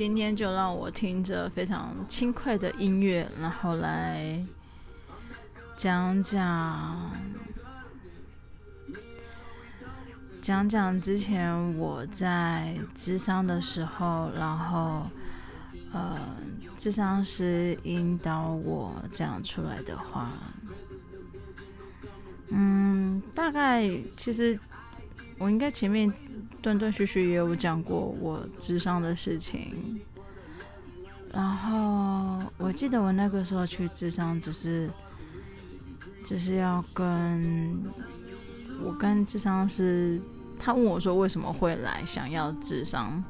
今天就讓我聽着非常輕快的音樂，然後來講講講講之前我在諮商的時候，然後呃，諮商師引導我講出來的話，嗯，大概其實。我應該前面斷斷續續也有講過我諮商的事情，然後我記得我那個時候去諮商只是，只是要跟我跟諮商師他問我說為什麼會來想要諮商，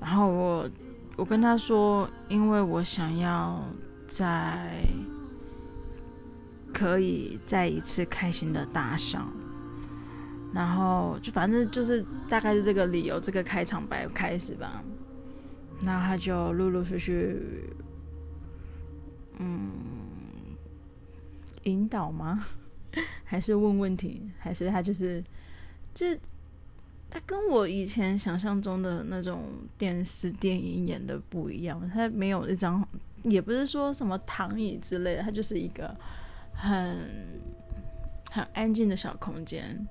然後我我跟他說因為我想要再可以再一次開心的大笑。然後就反正就是大概是這個理由，這個開場白開始吧。然後他就陸陸續續，嗯，引導嗎？還是問問題？還是他就是就他跟我以前想象中的那種電視電影演的不一樣，他沒有一張，也不是說什麼躺椅之類的，他就是一個很很安靜的小空間。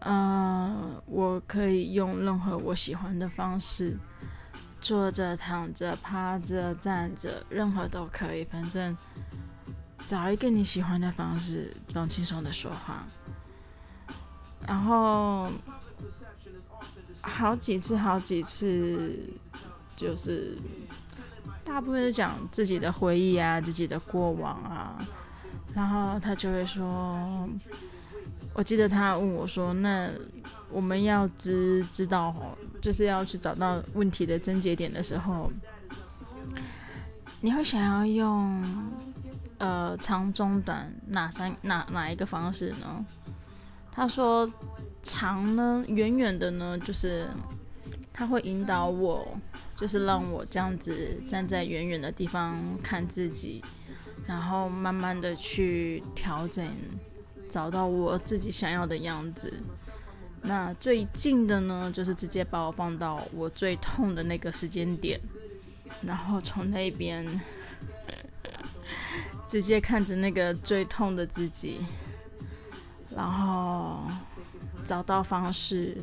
呃，我可以用任何我喜歡的方式，坐着、躺著、趴着、站着，任何都可以，反正找一個你喜歡的方式，不用輕鬆的說話。然後好幾次、好幾次，就是大部分都講自己的回憶啊、自己的過往啊，然後他就會說。我記得他問我說：“那我們要知知道吼，就是要去找到問題的症結點的時候，你會想要用呃長、中、短哪三哪哪一個方式呢？”他說：“長呢，遠遠的呢，就是他會引導我，就是讓我這樣子站在遠遠的地方看自己，然後慢慢的去調整。”找到我自己想要的樣子。那最近的呢，就是直接把我放到我最痛的那個時間點，然後從那邊，呃，直接看着那個最痛的自己，然後找到方式，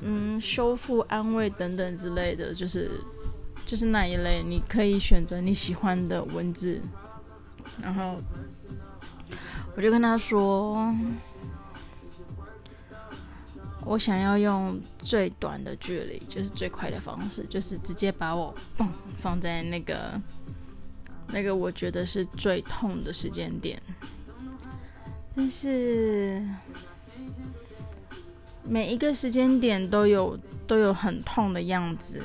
嗯，修復、安慰等等之類的，就是就是那一類。你可以選擇你喜歡的文字，然後。我就跟他說：“我想要用最短的距離，就是最快的方式，就是直接把我放在那個那個我覺得是最痛的時間點。但是每一個時間點都有都有很痛的樣子，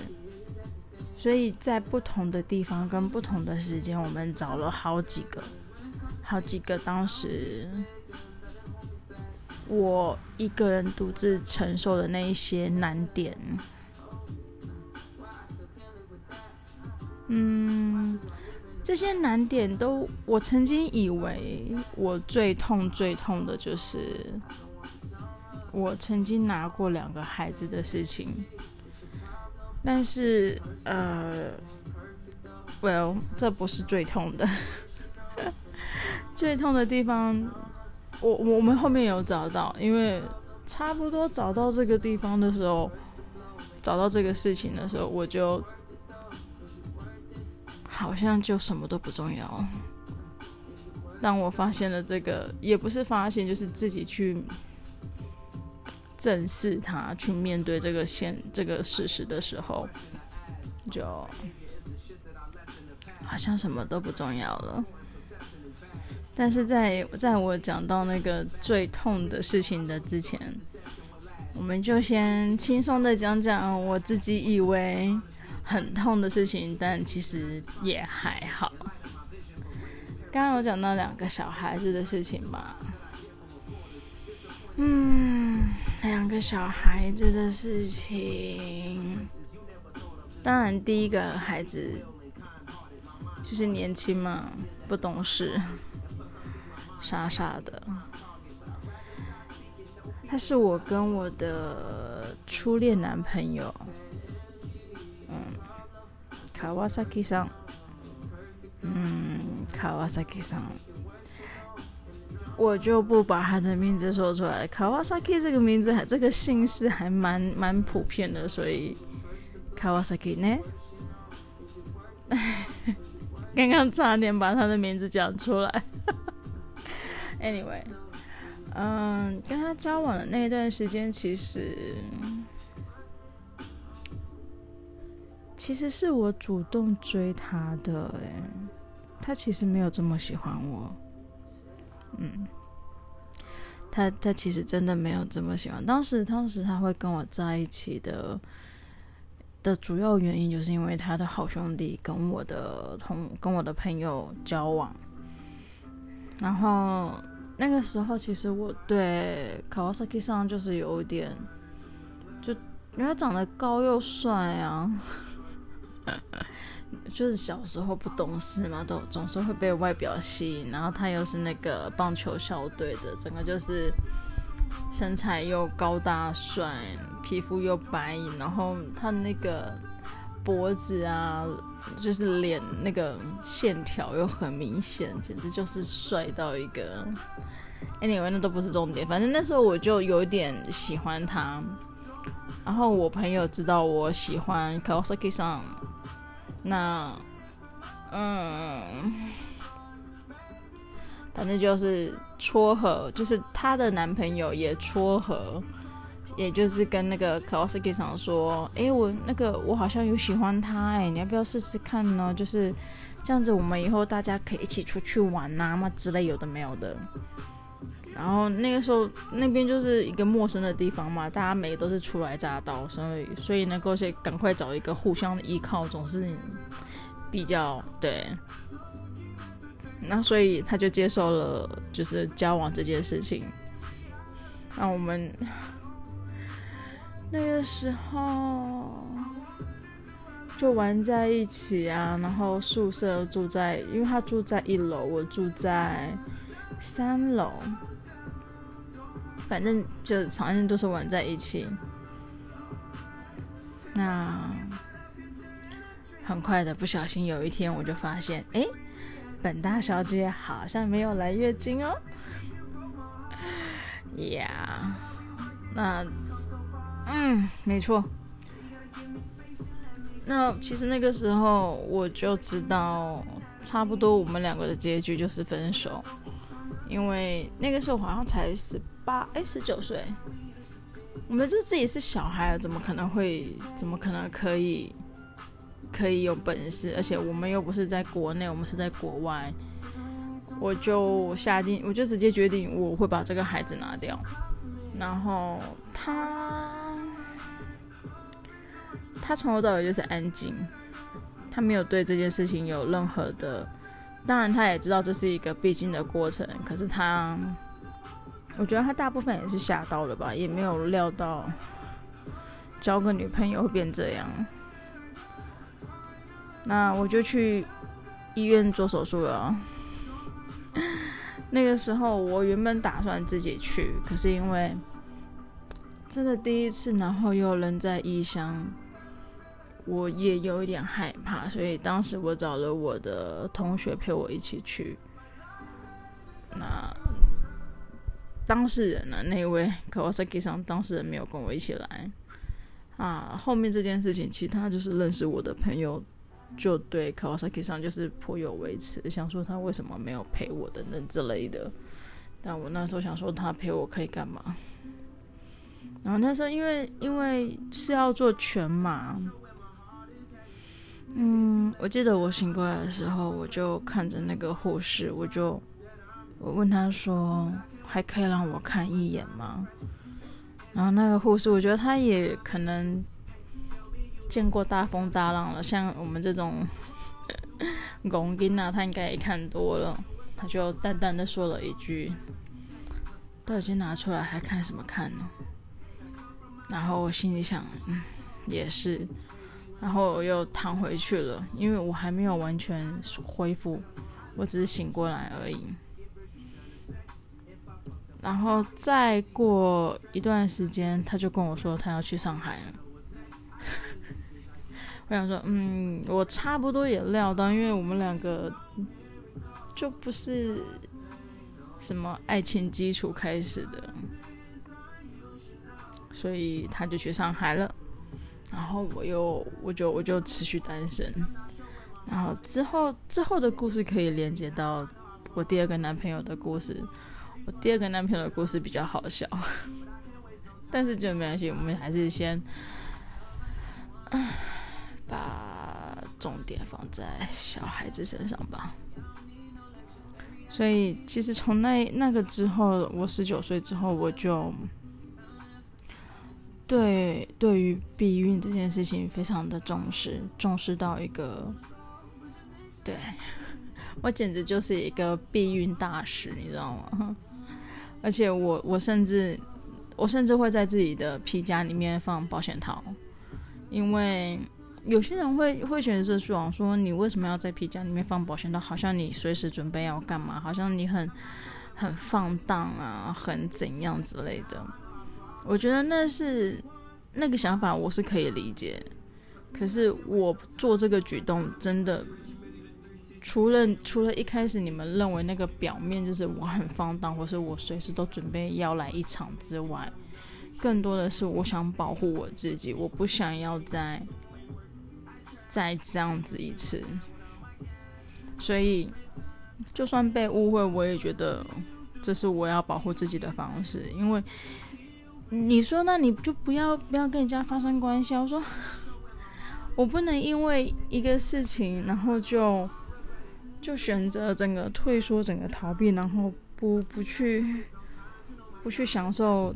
所以在不同的地方跟不同的時間，我們找了好幾個。”好幾個當時，我一個人獨自承受的那一些難點，嗯，這些難點都，我曾經以為我最痛最痛的就是我曾經拿過兩個孩子的事情，但是呃，Well，這不是最痛的。最痛的地方，我我們後面有找到，因為差不多找到這個地方的時候，找到這個事情的時候，我就好像就什麼都不重要了。當我發現了這個，也不是發現，就是自己去正視它，去面對這個現這個事實的時候，就好像什麼都不重要了。但是在在我講到那個最痛的事情的之前，我們就先輕鬆的講講我自己以為很痛的事情，但其實也還好。剛剛我講到兩個小孩子的事情吧？嗯，兩個小孩子的事情，當然第一個孩子就是年輕嘛，不懂事。傻傻的，他是我跟我的初戀男朋友，嗯，Kawasaki 桑嗯，Kawasaki 桑我就不把他的名字說出來。Kawasaki 這個名字，這個姓氏還蠻蠻普遍的，所以 Kawasaki 呢， 剛剛差點把他的名字講出來。Anyway，嗯，跟他交往的那一段時間，其實其實是我主動追他的哎，他其實沒有這麼喜歡我，嗯，他他其實真的沒有這麼喜歡。當時當時他會跟我在一起的的主要原因，就是因為他的好兄弟跟我的同跟我的朋友交往，然後。那個時候，其實我對卡瓦薩基桑就是有點，就因為他長得高又帥啊， 就是小時候不懂事嘛，都總是會被外表吸引。然後他又是那個棒球校隊的，整個就是身材又高大帥，皮膚又白，然後他那個脖子啊，就是臉那個線條又很明顯，簡直就是帥到一個。Anyway，那都不是重點。反正那時候我就有點喜歡他，然後我朋友知道我喜歡 Kawasaki 桑，san, 那嗯，反正就是撮合，就是他的男朋友也撮合，也就是跟那個 Kawasaki 桑說：“誒、欸，我那個我好像有喜歡他、欸，誒，你要不要試試看呢？就是這樣子，我們以後大家可以一起出去玩啊嘛之類，有的沒有的。”然後那個時候，那邊就是一個陌生的地方嘛，大家每個都是初來乍到，所以所以能夠先趕快找一個互相依靠，總是比較對。那所以他就接受了，就是交往這件事情。那我們那個時候就玩在一起啊，然後宿舍住在，因為他住在一樓，我住在三樓。反正就反正都是玩在一起，那很快的。不小心有一天我就發現，哎，本大小姐好像沒有來月經哦。呀、yeah，那嗯，沒錯。那其實那個時候我就知道，差不多我們兩個的結局就是分手，因為那個時候好像才十。八，哎，十九歲，我們就自己是小孩了，怎麼可能會，怎麼可能可以，可以有本事？而且我們又不是在國內，我們是在國外。我就下定，我就直接決定，我會把這個孩子拿掉。然後他，他從頭到尾就是安靜，他沒有對這件事情有任何的。當然，他也知道這是一個必經的過程，可是他。我覺得他大部分也是嚇到了吧，也沒有料到交個女朋友會變這樣。那我就去醫院做手術了。那個時候我原本打算自己去，可是因為真的第一次，然後又人在異鄉，我也有一點害怕，所以當時我找了我的同學陪我一起去。那。當事人呢、啊？那位 Kawasaki 桑當事人沒有跟我一起來啊。後面這件事情，其他就是認識我的朋友，就對 Kawasaki 桑就是頗有微詞，想說他為什麼沒有陪我等等之類的。但我那時候想說他陪我可以幹嘛？然後那時候因為因為是要做全麻。嗯，我記得我醒過來的時候，我就看着那個護士，我就我問他說。還可以讓我看一眼嗎？然後那個護士，我覺得他也可能見過大風大浪了，像我們這種，呃，工人啊，他應該也看多了。他就淡淡的說了一句：“都已經拿出來，還看什麼看呢？”然後我心裡想，嗯，也是。然後我又躺回去了，因為我還沒有完全恢復，我只是醒過來而已。然後再過一段時間，他就跟我說他要去上海了。 我想說，嗯，我差不多也料到，因為我們兩個就不是什麼愛情基礎開始的，所以他就去上海了。然後我又，我就，我就持續單身。然後之後，之後的故事可以連接到我第二個男朋友的故事。我第二個男朋友的故事比較好笑，但是就沒關係，我們還是先把重點放在小孩子身上吧。所以，其實從那那個之後，我十九歲之後，我就對對於避孕這件事情非常的重視，重視到一個，對，我簡直就是一個避孕大師，你知道嗎？而且我我甚至，我甚至會在自己的皮夾裡面放保險套，因為有些人會會選擇說，說你為什麼要在皮夾裡面放保險套？好像你隨時準備要幹嘛？好像你很很放蕩啊，很怎樣之類的。我覺得那是那個想法，我是可以理解。可是我做這個舉動真的。除了除了一開始你們認為那個表面就是我很放蕩，或是我隨時都準備要來一場之外，更多的是我想保護我自己，我不想要再再這樣子一次。所以，就算被誤會，我也覺得這是我要保護自己的方式。因為你說那你就不要不要跟人家發生關係啊，我說我不能因為一個事情然後就。就選擇整個退縮，整個逃避，然後不不去不去享受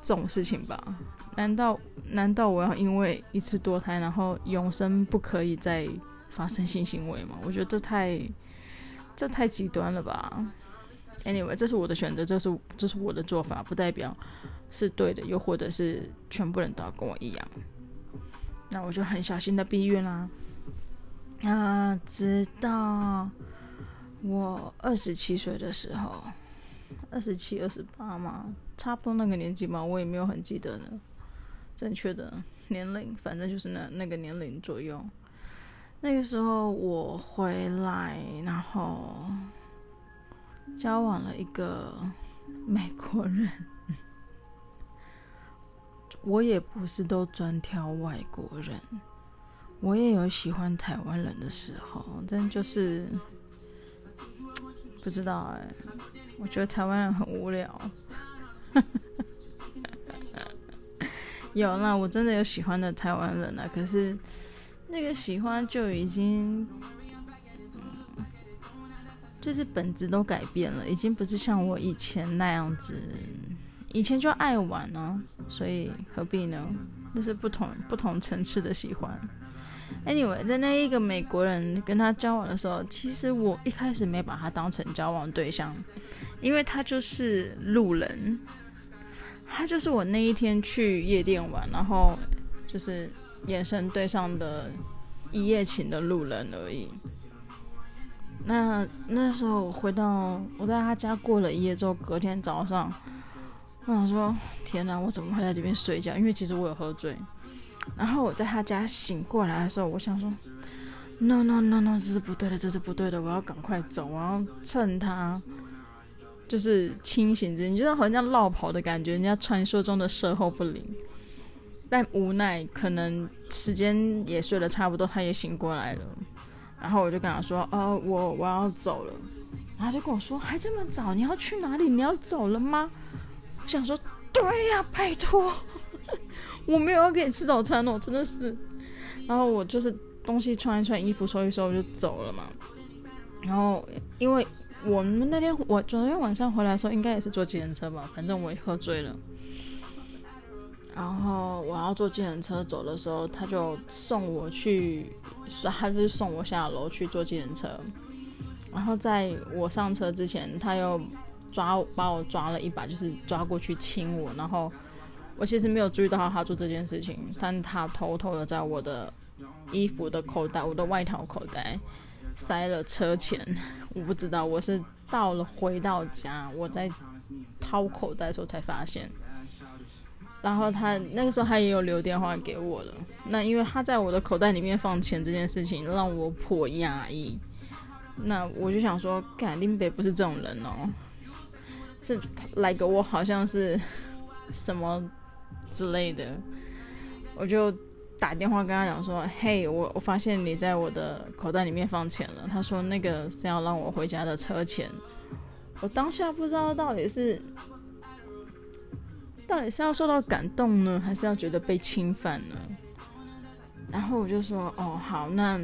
這種事情吧？難道難道我要因為一次墮胎，然後永生不可以再發生性行為嗎？我覺得這太這太極端了吧？Anyway，這是我的選擇，這是這是我的做法，不代表是對的，又或者是全部人都要跟我一樣。那我就很小心的避孕啦、啊。啊、呃，直到我二十七歲的時候，二十七、二十八嘛，差不多那個年紀嘛，我也沒有很記得了正確的年齡，反正就是那那個年齡左右。那個時候我回來，然後交往了一個美國人， 我也不是都專挑外國人。我也有喜歡台灣人的時候，但就是不知道哎、欸。我覺得台灣人很無聊。 有啦，我真的有喜歡的台灣人了、啊、可是那個喜歡就已經，嗯，就是本質都改變了，已經不是像我以前那樣子。以前就愛玩呢、哦，所以何必呢？那、就是不同不同層次的喜歡。Anyway，在那一個美國人跟他交往的時候，其實我一開始沒把他當成交往對象，因為他就是路人，他就是我那一天去夜店玩，然後就是眼神對上的一夜情的路人而已。那那時候回到我在他家過了一夜之後，隔天早上，我想說天哪，我怎麼會在這邊睡覺？因為其實我有喝醉。然後我在他家醒過來的時候，我想說，no no no no，這是不對的，這是不對的，我要趕快走，我要趁他就是清醒着，你知道好像這樣落跑的感覺，人家傳說中的售後不靈。但無奈可能時間也睡得差不多，他也醒過來了。然後我就跟他說，哦、呃，我我要走了。然後他就跟我說，還這麼早，你要去哪裡？你要走了嗎？我想說，對呀、啊，拜託。我沒有要給你吃早餐哦、喔，真的是。然後我就是東西穿一穿，衣服收一收，我就走了嘛。然後，因為我們那天，我昨天晚上回來的時候，應該也是坐計程車吧，反正我也喝醉了。然後我要坐計程車走的時候，他就送我去，他就是送我下樓去坐計程車。然後在我上車之前，他又抓我，把我抓了一把，就是抓過去親我，然後。我其實沒有注意到他做這件事情，但他偷偷的在我的衣服的口袋，我的外套口袋塞了車錢。我不知道，我是到了回到家，我在掏口袋的時候才發現。然後他那個時候他也有留電話給我了。那因為他在我的口袋裡面放錢這件事情讓我頗訝異。那我就想說，林北不是這種人哦，是來給我好像是什麼？之類的，我就打電話跟他講說：“嘿，我我發現你在我的口袋裡面放錢了。”他說：“那個是要讓我回家的車錢。”我當下不知道到底是，到底是要受到感動呢，還是要覺得被侵犯呢？然後我就說：“哦，好，那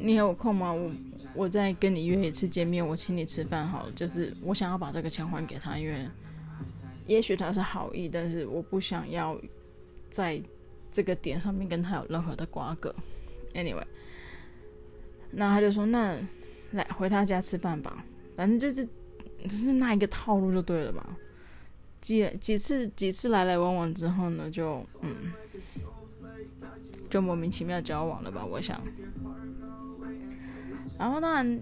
你有空嗎？我我再跟你約一次見面，我請你吃飯好，就是我想要把這個錢還給他，因為。”也許他是好意，但是我不想要在這個點上面跟他有任何的瓜葛。Anyway，那他就說：“那來回他家吃飯吧，反正就是只、就是那一個套路就對了吧？”幾幾次幾次來來往往之後呢，就嗯，就莫名其妙交往了吧？我想。然後當然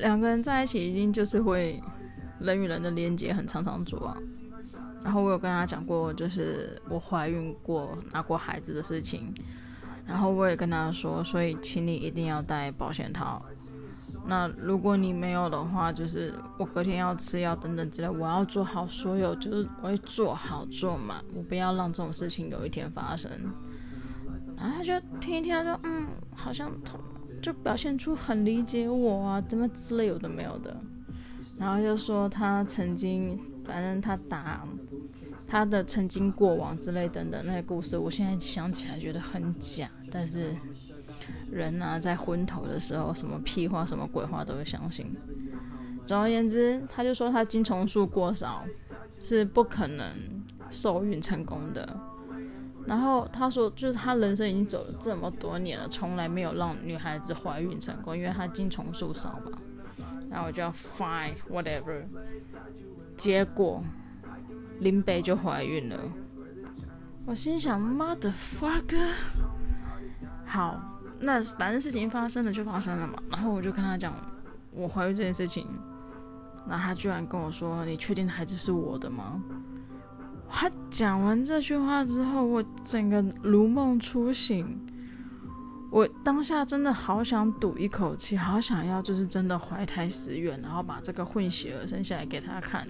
兩個人在一起，一定就是會人與人的連接很常常做啊。然後我有跟他講過，就是我懷孕過、拿過孩子的事情。然後我也跟他說，所以請你一定要帶保險套。那如果你沒有的話，就是我隔天要吃藥等等之類，我要做好所有，就是我會做好做滿，我不要讓這種事情有一天發生。然後他就聽一聽，他說：“嗯，好像他就表現出很理解我啊，怎麼之類有的沒有的。”然後就說他曾經，反正他打。他的曾經過往之類等等的那些故事，我現在想起來覺得很假。但是人吶、啊，在昏頭的時候，什麼屁話、什麼鬼話都會相信。總而言之，他就說他精蟲數過少，是不可能受孕成功的。然後他說，就是他人生已經走了這麼多年了，從來沒有讓女孩子懷孕成功，因為他精蟲數少嘛。然後我就要 five whatever，結果。林北就懷孕了，我心想媽的 fuck，好，那反正事情發生了就發生了嘛。然後我就跟他講我懷孕這件事情，那他居然跟我說，你確定孩子是，是我的嗎？他講完這句話之後，我整個如夢初醒，我當下真的好想賭一口氣，好想要就是真的懷胎十月，然後把這個混血兒生下來給他看。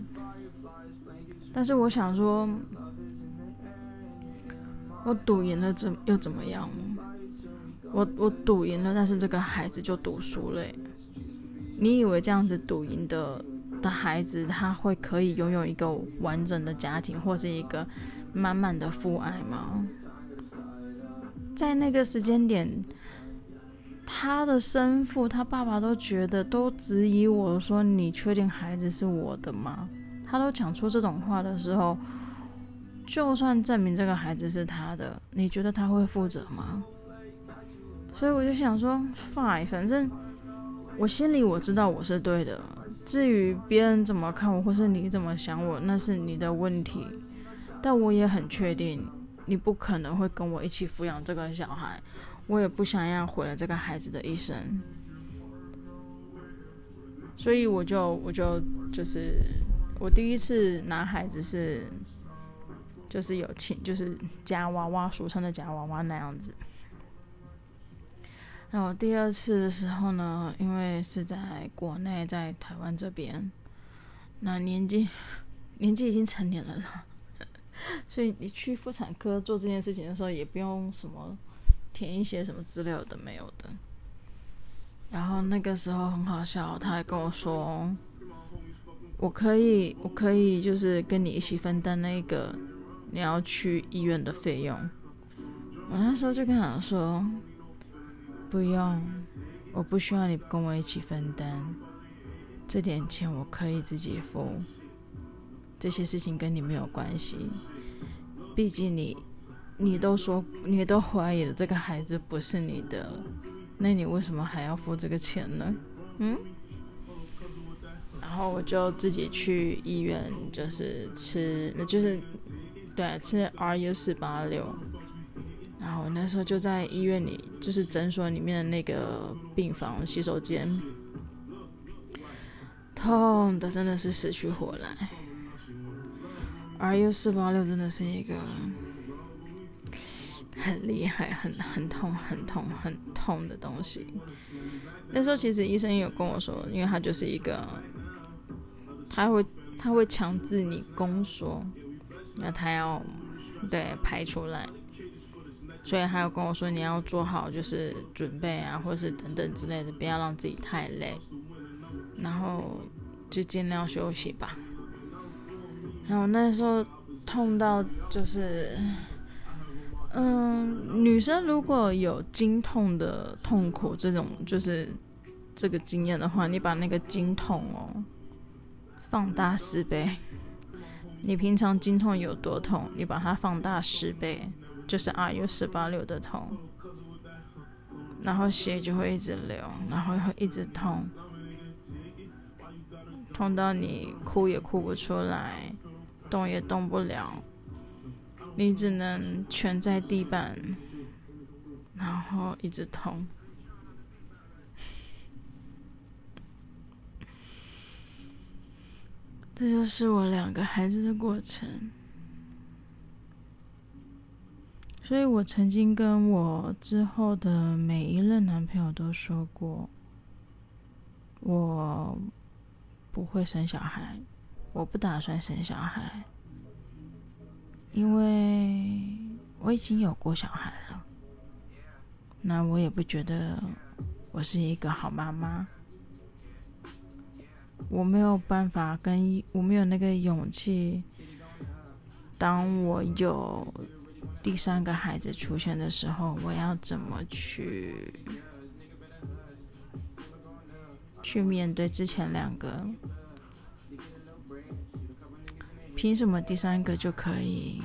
但是我想說，我賭贏了，怎又怎麼樣？我我賭贏了，但是這個孩子就賭輸了。你以為這樣子賭贏的的孩子，他會可以擁有一個完整的家庭，或是一個滿滿的父愛嗎？在那個時間點，他的生父，他爸爸都覺得，都質疑我說：“你確定孩子是我的嗎？”他都講出這種話的時候，就算證明這個孩子是他的，你覺得他會負責嗎？所以我就想說，fine，反正我心裡我知道我是對的。至於別人怎麼看我，或是你怎麼想我，那是你的問題。但我也很確定，你不可能會跟我一起撫養這個小孩，我也不想要毀了這個孩子的一生。所以我就，我就，就是。我第一次拿孩子是，就是，就是有請，就是夾娃娃，俗稱的夾娃娃那樣子。那我第二次的時候呢，因為是在國內，在台灣這邊，那年紀年紀已經成年了啦， 所以你去婦產科做這件事情的時候，也不用什麼填一些什麼資料的，沒有的。然後那個時候很好笑，他還跟我說。我可以，我可以，就是跟你一起分擔那個你要去醫院的費用。我那時候就跟他說，不用，我不需要你跟我一起分擔，這點錢我可以自己付。這些事情跟你沒有關係，畢竟你，你都說，你都懷疑了這個孩子不是你的，那你為什麼還要付這個錢呢？嗯？然後我就自己去醫院，就是吃，就是對吃 RU486，然後那時候就在醫院裡，就是診所裡面的那個病房洗手間，痛的真的是死去活來，RU486 真的是一個。很厲害，很很痛，很痛，很痛的東西。那時候其實醫生也有跟我說，因為他就是一個，他會他會強制你宮縮，那他要對排出來，所以他有跟我說你要做好就是準備啊，或是等等之類的，不要讓自己太累，然後就盡量休息吧。然後那時候痛到就是。嗯，女生如果有經痛的痛苦這種就是這個經驗的話，你把那個經痛哦放大十倍，你平常經痛有多痛，你把它放大十倍，就是 RU486 的痛，然後血就會一直流，然後會一直痛，痛到你哭也哭不出來，動也動不了。你只能蜷在地板，然後一直痛。這就是我兩個孩子的過程。所以我曾經跟我之後的每一任男朋友都說過，我不會生小孩，我不打算生小孩。因為我已經有過小孩了，那我也不覺得我是一個好媽媽。我沒有辦法跟，我沒有那個勇氣。當我有第三個孩子出現的時候，我要怎麼去去面對之前兩個。憑什麼第三個就可以，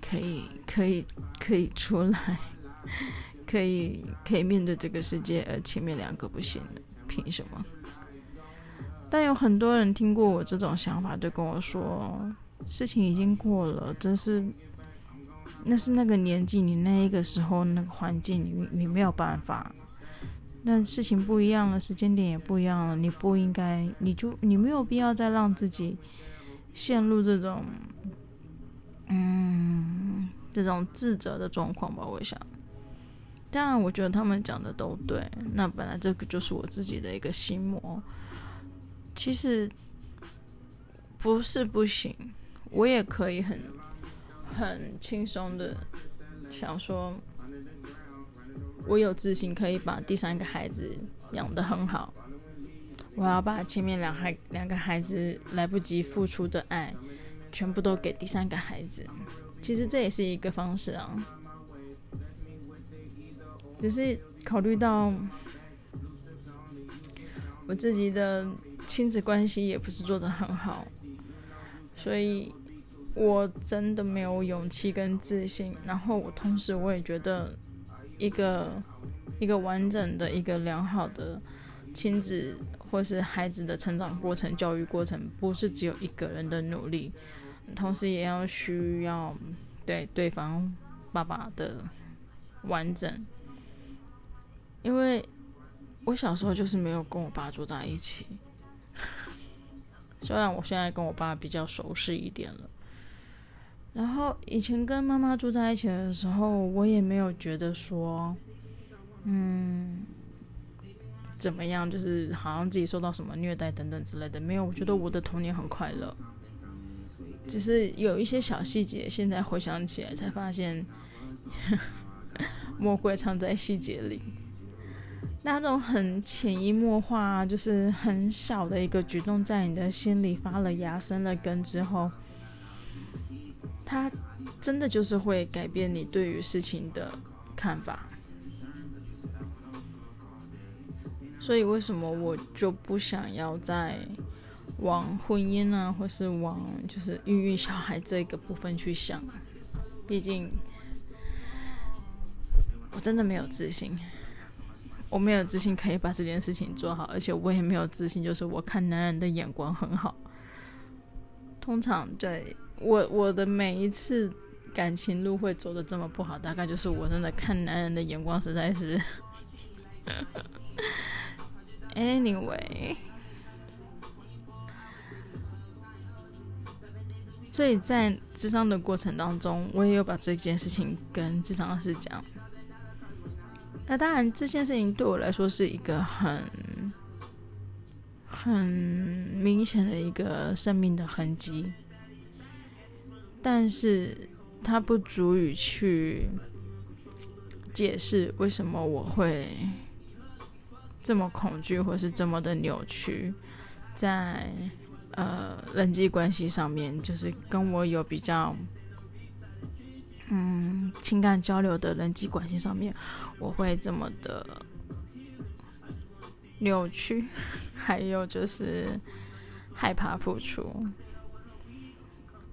可以，可以，可以出來， 可以，可以面對這個世界，而前面兩個不行？憑什麼？但有很多人聽過我這種想法，就跟我說：“事情已經過了，真是，那是那個年紀，你那一個時候那個環境，你你沒有辦法。但事情不一樣了，時間點也不一樣了，你不應該，你就你沒有必要再讓自己。”陷入這種，嗯，這種自責的狀況吧，我想。當然，我覺得他們講的都對。那本來這個就是我自己的一個心魔。其實不是不行，我也可以很很輕鬆的想說，我有自信可以把第三個孩子養得很好。我要把前面兩孩兩個孩子來不及付出的愛，全部都給第三個孩子。其實這也是一個方式啊，只是考慮到我自己的親子關係也不是做得很好，所以我真的沒有勇氣跟自信。然後我同時我也覺得，一個一個完整的一個良好的。親子或是孩子的成長過程、教育過程，不是只有一個人的努力，同時也要需要對對方爸爸的完整。因為我小時候就是沒有跟我爸住在一起，雖然我現在跟我爸比較熟識一點了。然後以前跟媽媽住在一起的時候，我也沒有覺得說，嗯。怎麼樣？就是好像自己受到什麼虐待等等之類的，沒有。我覺得我的童年很快樂，只是有一些小細節，現在回想起來才發現，魔鬼藏在細節裡。那種很潛移默化，就是很小的一個舉動，在你的心裡發了芽、生了根之後，它真的就是會改變你對於事情的看法。所以為什麼我就不想要再往婚姻啊，或是往就是孕育小孩這個部分去想？畢竟我真的沒有自信，我沒有自信可以把這件事情做好，而且我也沒有自信，就是我看男人的眼光很好。通常對我我的每一次感情路會走得這麼不好，大概就是我真的看男人的眼光實在是。 Anyway，所以在諮商的過程當中，我也有把這件事情跟諮商老師講。那當然，這件事情對我來說是一個很很明顯的一個生命的痕跡，但是它不足以去解釋為什麼我會。這麼恐懼，或是這麼的扭曲，在呃人際關係上面，就是跟我有比較嗯情感交流的人際關係上面，我會這麼的扭曲，還有就是害怕付出，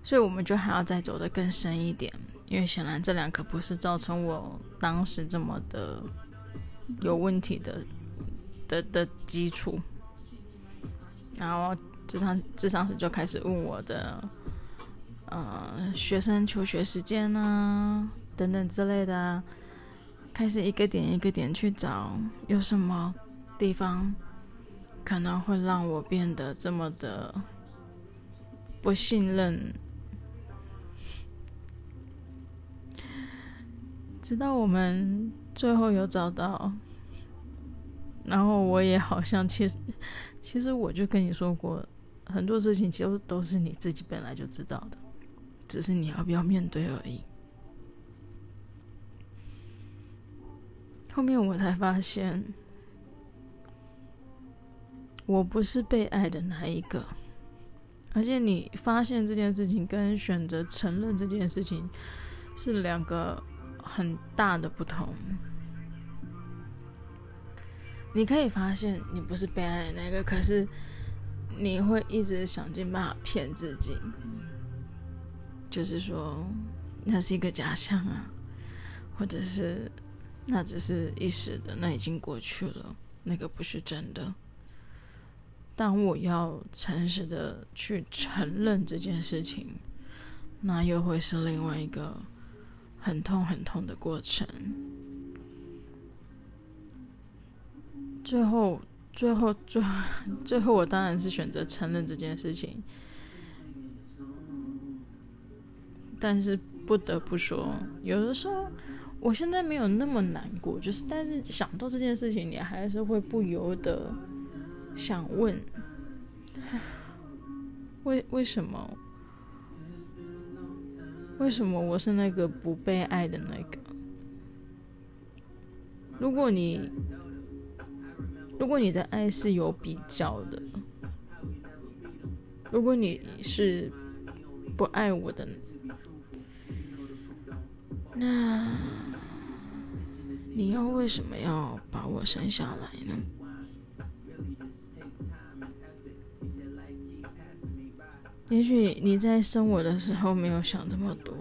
所以我們就還要再走得更深一點，因為顯然這兩個不是造成我當時這麼的有問題的。的的基礎，然後諮商諮商師就開始問我的，呃，學生求學時間吶、啊，等等之類的，開始一個點一個點去找，有什麼地方可能會讓我變得這麼的不信任，直到我們最後有找到。然後我也好像，其實其實我就跟你說過，很多事情其實都是你自己本來就知道的，只是你要不要面對而已。後面我才發現，我不是被愛的那一個，而且你發現這件事情跟選擇承認這件事情是兩個很大的不同。你可以發現你不是被愛的那個，可是你會一直想盡辦法騙自己，嗯、就是說那是一個假象啊，或者是那只是一時的，那已經過去了，那個不是真的。但我要誠實的去承認這件事情，那又會是另外一個很痛很痛的過程。最後，最後，最最後，我當然是選擇承認這件事情。但是不得不說，有的時候，我現在沒有那麼難過，就是但是想到這件事情，你還是會不由得想問：為為什麼？為什麼我是那個不被愛的那個？如果你。如果你的愛是有比較的，如果你是不愛我的，那，你又為什麼要把我生下來呢？也許你在生我的時候沒有想這麼多，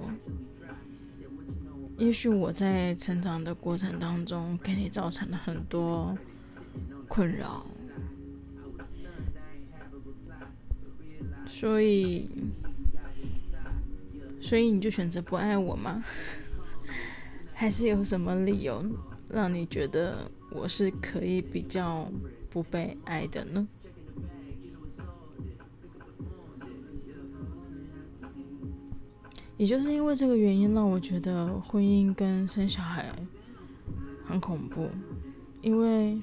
也許我在成長的過程當中給你造成了很多困擾，所以，所以你就選擇不愛我嗎？還是有什麼理由讓你覺得我是可以比較不被愛的呢？也就是因為這個原因，讓我覺得婚姻跟生小孩很恐怖，因為。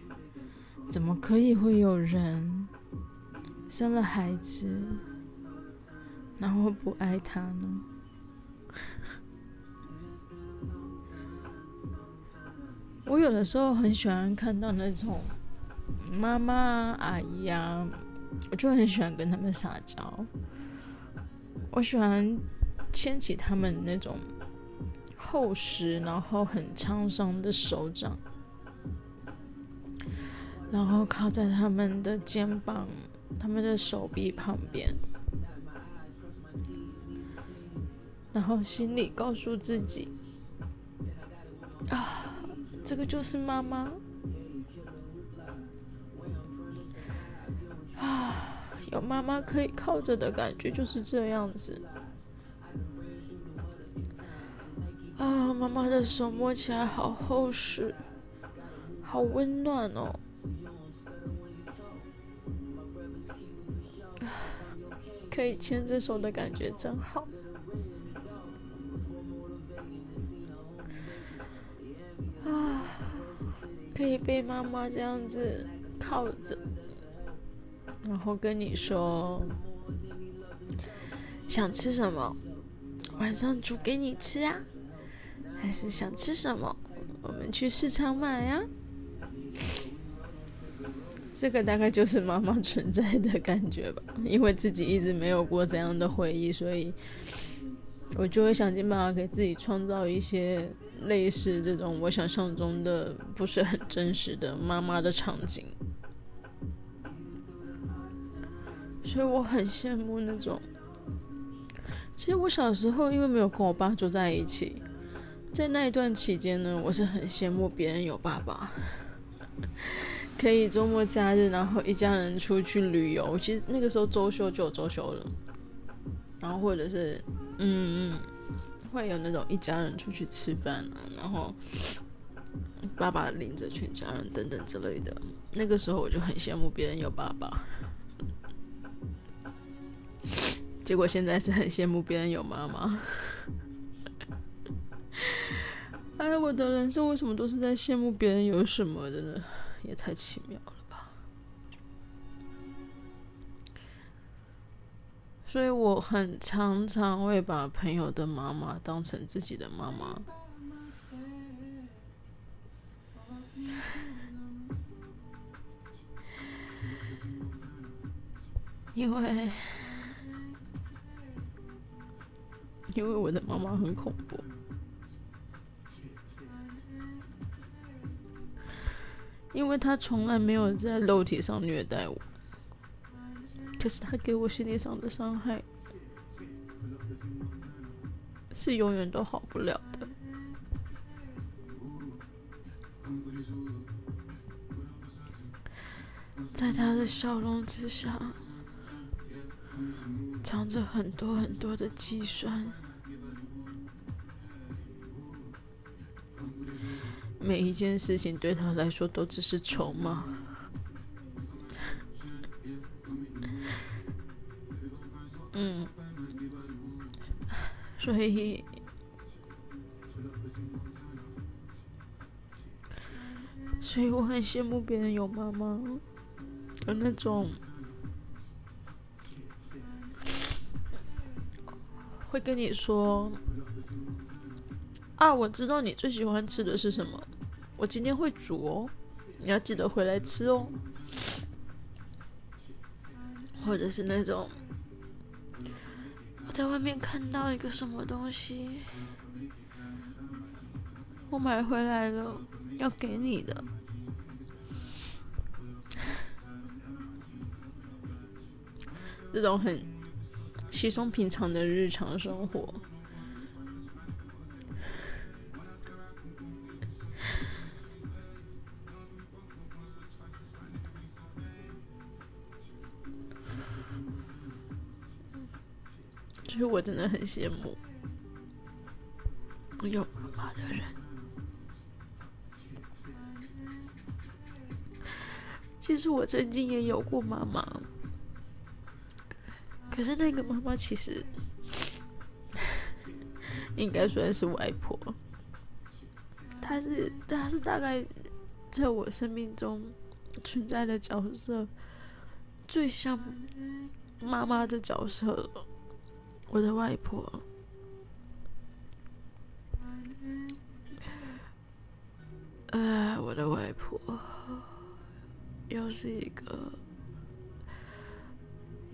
怎麼可以會有人生了孩子，然後不愛他呢？ 我有的時候很喜歡看到那種媽媽阿姨呀、啊，我就很喜歡跟他們撒嬌，我喜歡牽起他們那種厚實然後很滄桑的手掌。然後靠在他們的肩膀，他們的手臂旁邊，然後心裡告訴自己：啊，這個就是媽媽。啊，有媽媽可以靠着的感覺就是這樣子。啊，媽媽的手摸起來好厚實，好溫暖哦。可以牽着手的感覺真好啊！可以被媽媽這樣子靠着，然後跟你說想吃什麼，晚上煮給你吃啊，還是想吃什麼，我們去市場買呀、啊。這個大概就是媽媽存在的感覺吧，因為自己一直沒有過這樣的回憶，所以我就會想盡辦法給自己創造一些類似這種我想象中的不是很真實的媽媽的場景。所以我很羨慕那種。其實我小時候因為沒有跟我爸住在一起，在那一段期間呢，我是很羨慕別人有爸爸。可以周末假日，然後一家人出去旅遊。其實那個時候周休就有周休了，然後或者是嗯嗯，會有那種一家人出去吃飯啊，然後爸爸領着全家人等等之類的。那個時候我就很羨慕別人有爸爸， 結果現在是很羨慕別人有媽媽。 哎，我的人生為什麼都是在羨慕別人有什麼的呢？也太奇妙了吧！所以我很常常會把朋友的媽媽當成自己的媽媽，因為因為我的媽媽很恐怖。因為他從來沒有在肉體上虐待我，可是他給我心理上的傷害是永遠都好不了的。在他的笑容之下，藏着很多很多的計算。每一件事情對他來說都只是籌碼。 嗯，所以，所以我很羨慕別人有媽媽，有那種會跟你說啊，我知道你最喜歡吃的是什麼。我今天會煮哦，你要記得回來吃哦。或者是那種，我在外面看到一個什麼東西，我買回來了，要給你的。這種很稀鬆平常的日常生活。真的很羨慕有媽媽的人。其實我曾經也有過媽媽，可是那個媽媽其實應該算是外婆。她是，她是大概在我生命中存在的角色最像媽媽的角色了。我的外婆，唉，我的外婆，又是一個，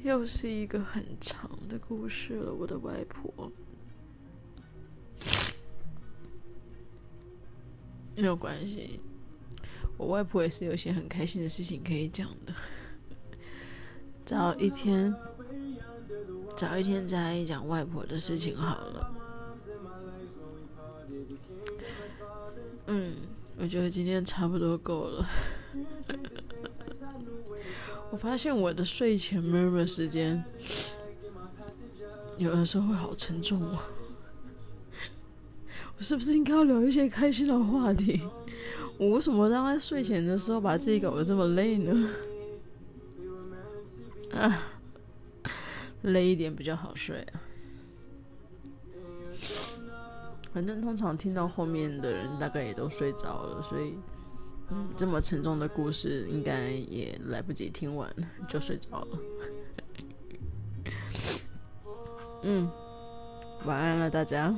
又是一個很長的故事了。我的外婆，沒有關係，我外婆也是有些很開心的事情可以講的，早一天，找一天再來講外婆的事情好了。嗯，我覺得今天差不多夠了。我發現我的睡前 murmur 時間，有的時候會好沉重哦、啊。我是不是應該要聊一些開心的話題？我為什麼在睡前的時候把自己搞得這麼累呢？啊。累一點比較好睡啊。反正通常聽到後面的人大概也都睡着了，所以，嗯，這麼沉重的故事應該也來不及聽完，就睡着了。 嗯，晚安了大家。